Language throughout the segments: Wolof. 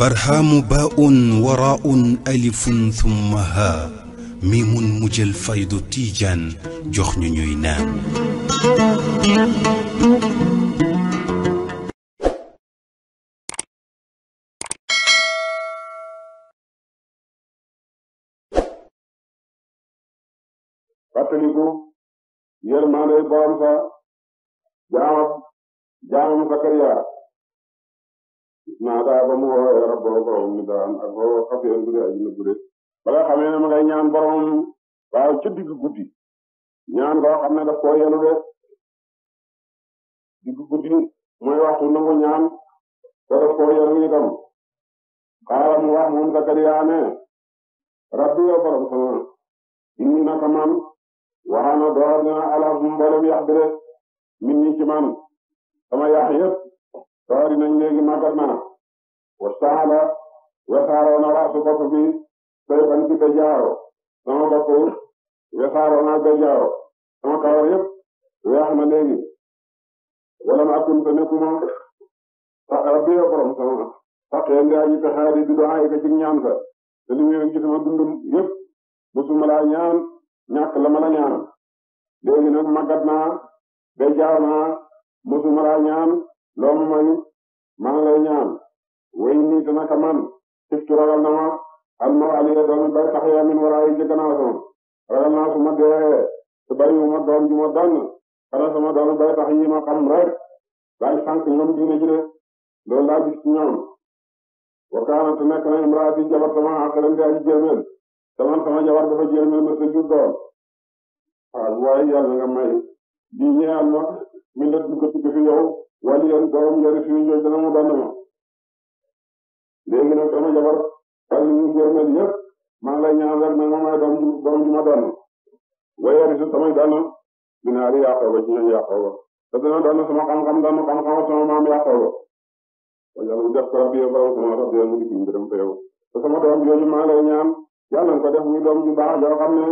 barhaamu baaun waraaun alifun thumma haa mi mun mujjal faydu jox ñu ñuy maata ba mu woowee rabboo borom mi daan ak boo xafeen bi nga xamee ne ma ngay ñaan borom waaw ci digg guddi ñaan koo xam ne daf koo yelu de digg guddi mooy waxtu ñaan te daf koo yelu itam xaaral wax moom Sakariya ne rabbi yow borom sama inni naka man waxaana door na alaf mboolem yax bi de min sama yax sawari nañ léegi màggat mana wasaala wesaaroo na raasu bi say fan ci béjaaro sama bopp wesaaroo naa béjaaro sama kawar yëpp weex léegi wala ma akun te nekkuma rabbi ya borom sama saqee ndaaji pexaadi di doxaay ka ci ñaan sa te li ci sama dundum yëpp musuma laa ñaan ñàkk la ma ñaan léegi nag màggat naa béjaar naa ñaan loolu mooy man lay ñaan way nii te naka man xiftu ragal na ma al ma aliya bay taxaya min waraayi ci gannaaw sama ragal naa ma dee te bàyyiwuma doom ju ma dann xanaa sama doomi bay tax yi ma xam rek laaj sànq ñoom diine ji de loolu laa gis ci ñoom wakaana te nekk na imraati jabar sama àqalante aji jéemeel sama sama jabar dafa jéemeel ma sa jur waaye yàlla nga may di ñeyal ma mi fi yow wàllu yoon borom njëriñ fi ñu dana mu dañu ma léegi nag jabar tan ñu jërmel yëpp maa ngi lay ñaan rek ma may doom borom ñu ma dana waaye risu samay dana binaari yaqooba ci ñoom yaqooba ba dañu dañu sama xam-xam dañu xam-xam sama maam yaqooba kon yàlla def ko rabbi borom sama rabbi mu di ñu dem fa yow te sama doom jooju ma lay ñaan yalla ko def muy doom ju baax yo xamne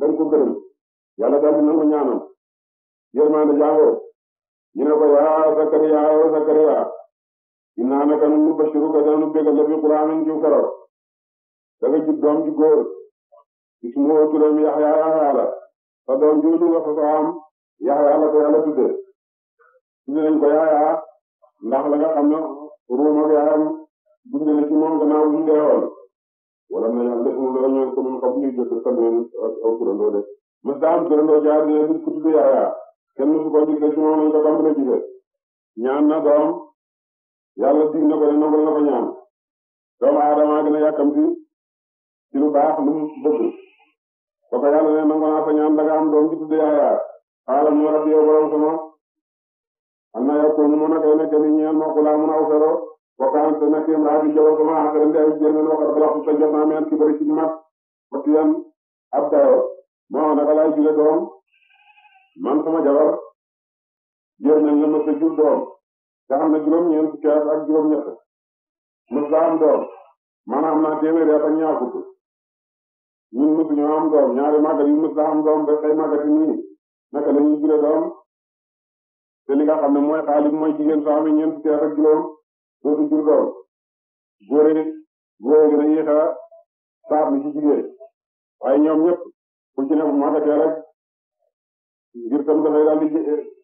dañ ko gërëm yalla daal ñu ñaanal yermane jàngoo ñu ne ko yaa Zakariya yow Zakariya innaa naka nu bashiruka danu bégal la bi quraanin ci karo daga jib doom ju góor ismuhu turam Yaxya Yaxya la sa doom jooju nga fas am la ko Yàlla tudde tudde nañ ko Yaxya ndax la nga xam ne ruum ak yaram dund na ci moom gannaaw bu ñu deewoon wala na Yàlla def mu dara ñëw ko min xam ni jot sa meen ak aw turandoo de mas daa am turandoo jaar ne ku tudde Yaxya kenn su ko gisee ci moom lañ ko tàmbalee gisee ñaan na doom yàlla dig na ko ne nangul na ko ñaan doomu aadama gën a yàkkamti ci lu baax lu mu bëgg ba ko yàlla ne nangu naa sa ñaan da nga am doom ji tudde Yaxya xaaral mu rabbi yow borom sama am na yakunu mu nakay nekk ni ñeen ma xulaa mun aw fero wa kaan te nekk imraa bi jabar sama axira ndi ay jéemen waxat balaxtu te jot naa meen ki bari ci mat ba tiyan ab dayo moo naka laay jure doom man sama jabar jër nañ la mës a jur doom nga xam ne juróom-ñeent fukki mës la am doom maanaam naa téeméeri at ak ñaar fukk ñun mës ñoo am doom ñaari màggat yu mës la am doom ba xëy màggat yi nii naka la ñuy jure doom te li nga xam ne mooy xaalis mooy jigéen soo amee ñeent fukki ak juróom dootu jur doom góore góor gi dañuy xaar saab bi ci jigéen waaye ñoom ñëpp ku ci ne bu màggatee rek ngir tam dafay daal di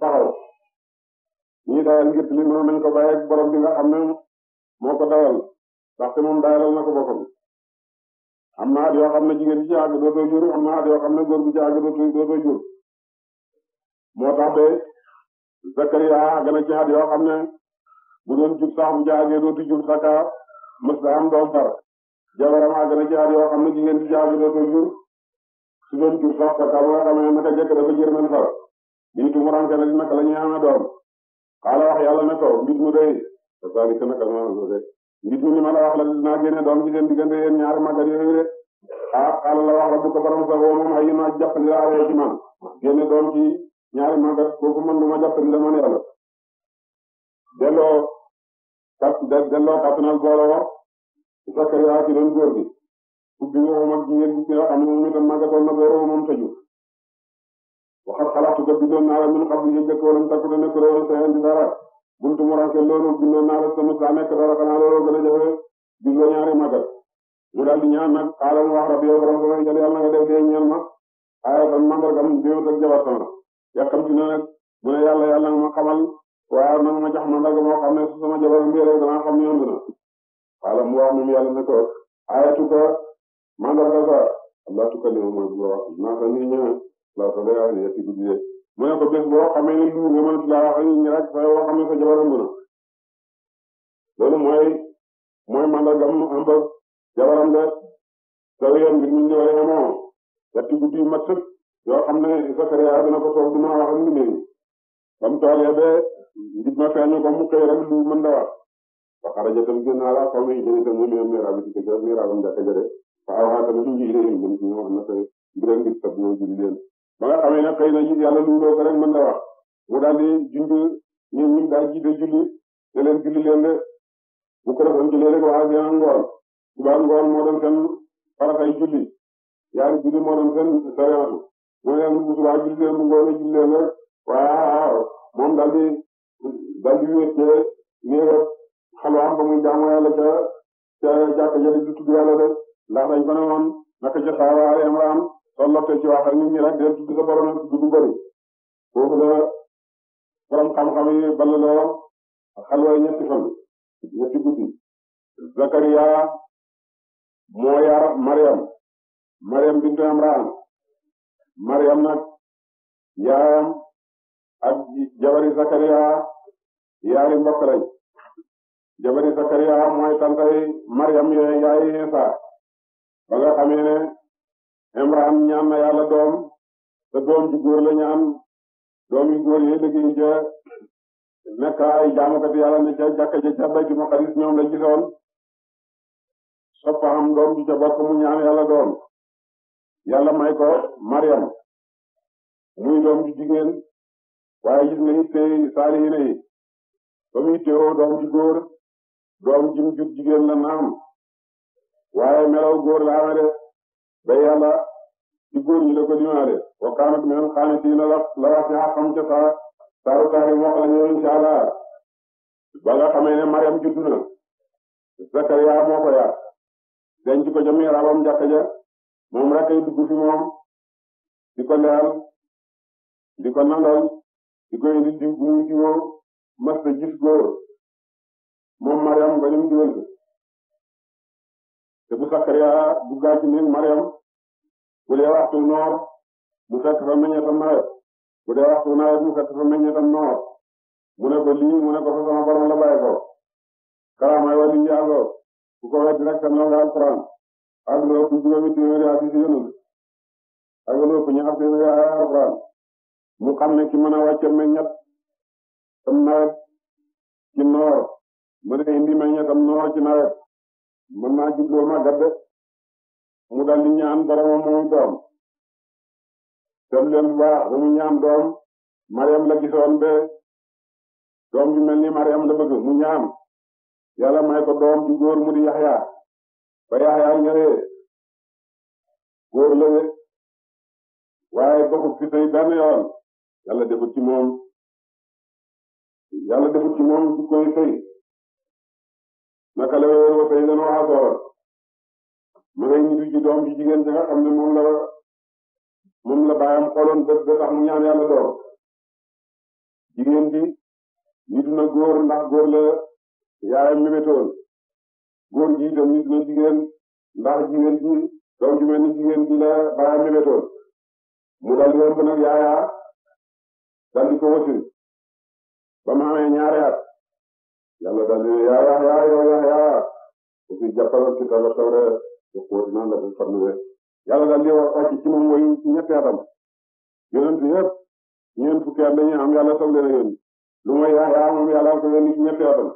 taxaw ñii dayal ngir li mën nañ ko bàyyi ak borom bi nga xam ne moo ko dayal ndaxte moom dayalal na ko boppam am na yoo xam ne jigéen ci àgg dootoo jur am na góor gu ci àgg dootoo jur moo tax de Zakariya àgg na ci at yoo xam ne bu doon jur sax bu ci àggee dootu jur saka mës da am doom far jabaram àgg na ci at yoo xam ne jigéen ci àgg dootoo jur su doon jur foofu parce que boo xamee naka njëkk dafa jër mën far bii tumuranke nag naka la ñuy ama doom xaala wax yàlla ne ko mbir mu doy c'est-à-dire naka ma la doon mbir mu ni ma la wax la dinaa génne doom ci seen diggante yéen ñaari màggat yooyu de ah la wax la bu ko faram sa woo ay yu ma jàppandi la aree man génne doom ci ñaari màggat kooku man lu ma jàppandi la man yàlla delloo kat delloo kattanal booloo Sakariya ci doon góor gi ubbi woom ak jigéen bi nga xam ne moom itam màggatoon na booroo moom tëju waxat xalaatu ko bindoon naa la min xam ne njëkk wala mu takku ne nekk loolu seen di dara buntu mu ranke loolu bindoon naa la tamit daa nekk dara xanaa loolu gën a jafe bindoo ñaari màggal mu daal di ñaan nag xaaral wax rabbi yow borom sama yàlla yàlla nga def dee ñeel ma aaya kan mandargam déwut ak jabar sama yàkkam ci na nag mu ne yàlla yàlla nga ma xamal waaye nag ma jox mandarga moo xam ne su sama jabar mbir rek danaa xam ne yomb na xaaral mu wax moom yàlla ne ko aayatu ko mandargaal am naa tukkandi moom mooy bu wax naa ko nii ñëwee laa ko day wax ni yëpp guddi ko bés boo xamee ne lu mooy mooy mandargam am ba jabaram de sa wéyam bi ñu ñëwee xamoo yëpp guddi yu mat sëkk yoo xam ne Sakariya dina ko toog dina wax ak ñu ne ba mu toolee ba njib ma feeñu ko mu xëy rek lu mën da ba xaraja tam génn ala xaw ma yi jënd tam mu ñëw miiraab bi ci kër miiraabam jàkka jëre taxawaay tamit ñu jiite leen jëm ci ñoo xam ne tey bu leen gis kat ñoo julli leen ba nga xamee ne xëy bu ko defoon julli rek waxaa seen ngoon subaa ngoon moo doon seen faratay julli yaari bu subaa bu ngoonee julli leen rek waaw moom daal di daal di wéet ci néegam xalwaam ba muy jaamu yàlla ca ca ndax dañ ko ne woon naka ca Saawa Al Imraan soo lottee ci wax ak nit ñi rek dee tudd sa borom tudd la borom xam-xam yi balaloo xalway ñetti fan ñetti guddi Zakariya moo yar Mariam Mariam bintu Imraan Mariam nag yaayam ak jabari Zakariya yaari mbokk lañ jabari Zakariya mooy tantay Mariam yooyu yaayi Isa ba nga xamee ne na yàlla doom te doom ju góor la ñaan doom yu góor yi liggéey ca nekk ay jaamukati yàlla ne ca jàkka ja ca Baytul Maqdis ñoom la gisoon soppa am doom ju ca bokk mu ñaan yàlla doom yàlla may ko Mariam muy doom ju jigéen waaye gis nga itte saalihiina yi ba doom ju doom jim jur jigéen la waaye melaw góor la amee de ba yàlla ci góor ñi la ko dimaale wa kaanat minal qaanitiin la la wax ci xam ca saa saaru tahrim wax la insha allah ba nga xamee ne Zakariya moo ko yar denc ko ca miiraabam jàkka ja moom rek ay dugg fi di ko leyal di ko nangal di ko indi di mu jiwoo mas ta góor moom Mariam ba ñu mu Sakariya duggaat ci néeg Mariam bu dee waxtu noor mu fekk fa meññeetam nawet bu dee waxtu nawet mu fekk fa meññeetam noor mu ne ko lii mu ne ko fa sama borom la bàyyi ko karaamay wali yàlla ku ko weddi rek tam la nga alquran ak loo ëpp juróomi téeméeri ak si yonul ak loo ëpp ñaar téeméeri ak alquran mu xam ne ki mën a wàcce meññet tam nawet ci noor mën a indi meññetam noor ci nawet mën naa jubloo màggat de mu dal di ñaan boromam doom dem ba mu ñaan doom Mariam la gisoon be doom ju mel ni Mariam la bëgg mu ñaan yàlla may ko doom ju góor mu di Yaxya ba Yaxya ñëwee góor la de waaye doxul fi say benn yoon yàlla defut ci moom yàlla defut ci moom du koy fay naka la wéer wa fay dana waxa soorat ma la moom la baayam bët ba mu ñaan yàlla doom jigéen bi nitu na góor ndax góor la yaayam mébétoon góor gi jigéen ndax jigéen bi doom ju jigéen bi la baayam mébétoon mu dal di ëmb nag yaaya dal di ko wasin ba mu amee ñaari yàlla daal di ne yaa yaa yaa yaa yaa ku fi jàppal ci dara taw rek te xool dina la ko farluwee yàlla daal di wax wàcc ci moom mooy ñetti atam yonent yëpp ñeent fukki at dañuy am yàlla soog leen a yónni lu mooy yaa yaa moom yàlla ko yónni ci ñetti atam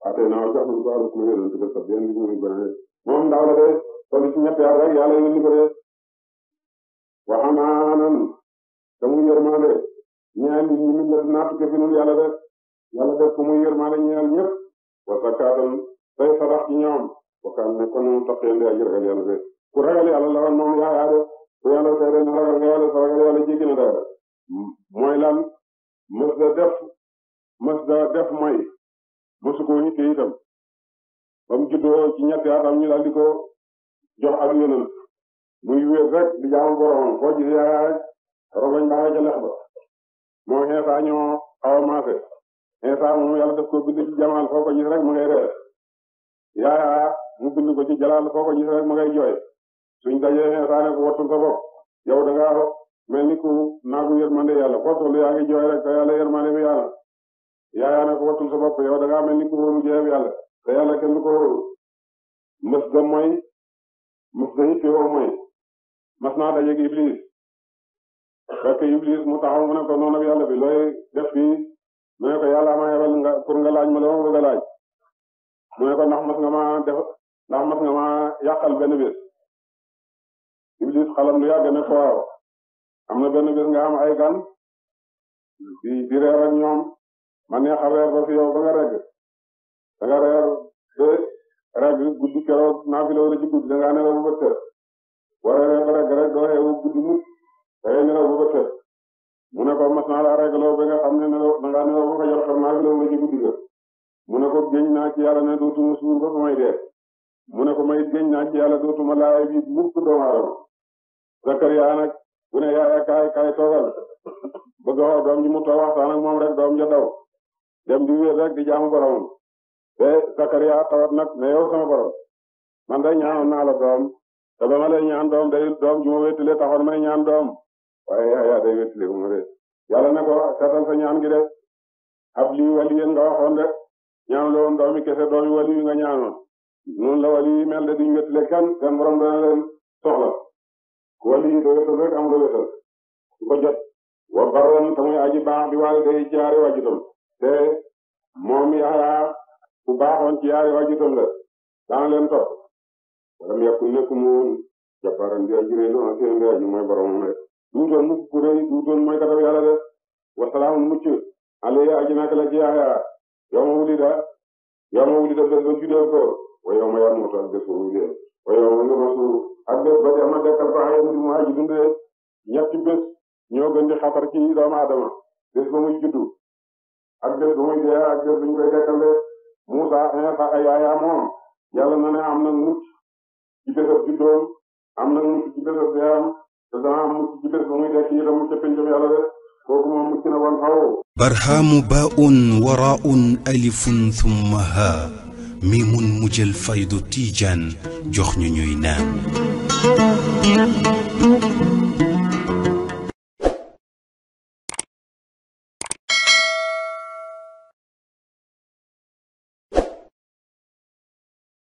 waaw tey naa jox nañu ko àll ku mu yónent ba sax yéen ñu ngi gën moom ndaw la de toll ci ñetti at rek yàlla yónni ko de waxamaanan te mu yërmande ñaan ñi ñu mën a naatu ke fi yàlla de yàlla def ko muy yërmaale ñeel ñëpp wa zakaatam day sarax ci ñoom wa kaan ne kon moom taqee ndi aji ragal yàlla de ku ragal la woon moom yaayaa de ku yàlla tey dañ def mës da def mooy mësu ko nit itam ba mu juddoo ñu daal di jox ak yonent muy wér rek di jaamu boromam koo gis yaayaa rek robañ baa nga ca ñoo xaw a insa moom yàlla daf ko bind ci jamaal foo ko gis rek ma ngay reer yaaya mu bind ko ci jalaal foo ko gis rek ma ngay jooy suñ dajee insa ne ko wattul sa bopp yow da ngaa mel ni ku naagu yërmande yàlla foo toll yaa ngi jooy rek te yàlla yërmande bi yàlla yaaya ne ko wattul sa bopp yow da ngaa mel ni ku wóoru jeex yàlla te yàlla kenn du ko wóoru mës ga mooy mës ga it yoo mooy mas naa dajeeg iblis fekk iblis mu taxaw mu ne ko noonu yàlla bi looy def fii mu ne ko ma pour nga laaj ma la ma bëgg a laaj mu ne ko ndax mas nga ma def ndax mas nga ma yàqal lu yàgg ne ko waaw am na benn bés nga am ay gan di di reer ak ñoom ma neex a reer ba fi yow ba nga regg da nga reer ba regg guddi keroog naa fi la war ci guddi da mut da ngay nelaw ba bët mu ko mas naa laa regaloo ba nga xam na nga da ko yor xam naa nelaw nga ci guddi ga ko geñ na ci yalla ne dootuma suur ba fa may dee mu ko may geñ na ci yalla yàlla ma laay bi mukk do waro Zakariya nag bu ne ya kay kay togal bëgg a doom ji mu toog waxtaan nak mom rek doom ja daw dem di wéer rek di jaamu boromam te Zakariya tawat nak ne yow sama borom man day ñaan na la doom da ba ma lay ñaan doom day doom ju ma wéttile taxon may ñaan doom waaye Yahya day wétali mu de yàlla ne ko seetal sa ñaan gi de ab lii wali yéen nga waxoon de ñaan la woon doomi kese doomi wali nga ñaanoon noonu la wali mel de duñ wétale kenn seen borom dana soxla ku wali yi ko rek am nga wétal jot wa baroon tamuy aji baax bi waale day jaari wajutam te moom Yahya ku baaxoon ci yaari wajutam la dana leen topp walam yakun nekku mu woon jabbaran di aji réy loon ak yéen nga aji mooy boromam du doon mukk ku rëy du doon mooy yàlla de wasalaamun mucc alayhi aji naa kala ci yaxya yow ma wulida yow ma wulida bés ko wa yow ma yamutu ak bés ba wulida ko mu aji dundee ñetti bés ñoo gën di xatar ci doomu aadama bés ba muy ak bés ba muy dee ak yàlla na ne am na mucc ci bésab am na mucc ci bésab te dana mucc ci bés bu muy dekk itam ca pencam yàlla de kooku moom mucc na wan faw barhaamu baun waraun alifun thumma ha mimun mu jël faydu tiijaan jox ñu ñuy naan